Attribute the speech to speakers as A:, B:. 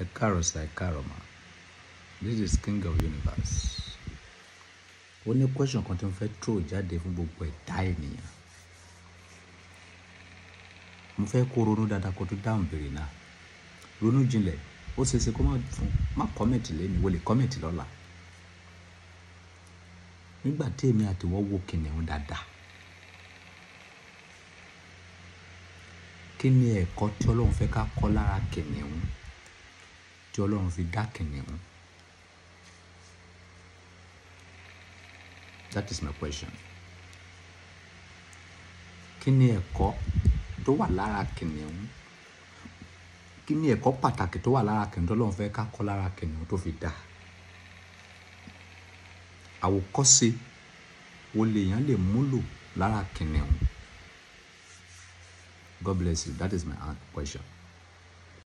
A: a káàrọ̀ sir, caroma This is King of Universe. Ó ní question kan tí mo fẹ́ throw jáde fún gbogbo ẹ̀dá ènìyàn. Mo fẹ́ kó ronú dáadáa kó tó dáhùn béèrè náà. Ronú jinlẹ̀, ó ṣe ṣe kó má fún, má comment lẹ́nu, wọ́n comment lọ́la. Nígbà tí èmi àti ìwọ wo kìnìún dáadáa, kí ni ẹ̀kọ́ tí Ọlọ́run fẹ́ ká tí Ọlọ́run fi dá kìnìún? That is my question. Kí ni ẹ̀kọ́ tó wà lára kìnìún? Kí ni ẹ̀kọ́ pàtàkì tó wà lára kìnìún tó Ọlọ́run fẹ́ ká kọ́ lára kìnìún tó fi dá? Àwòkọ́ṣe wo lèèyàn lè múlò lára kìnìún? God bless you. That is my question.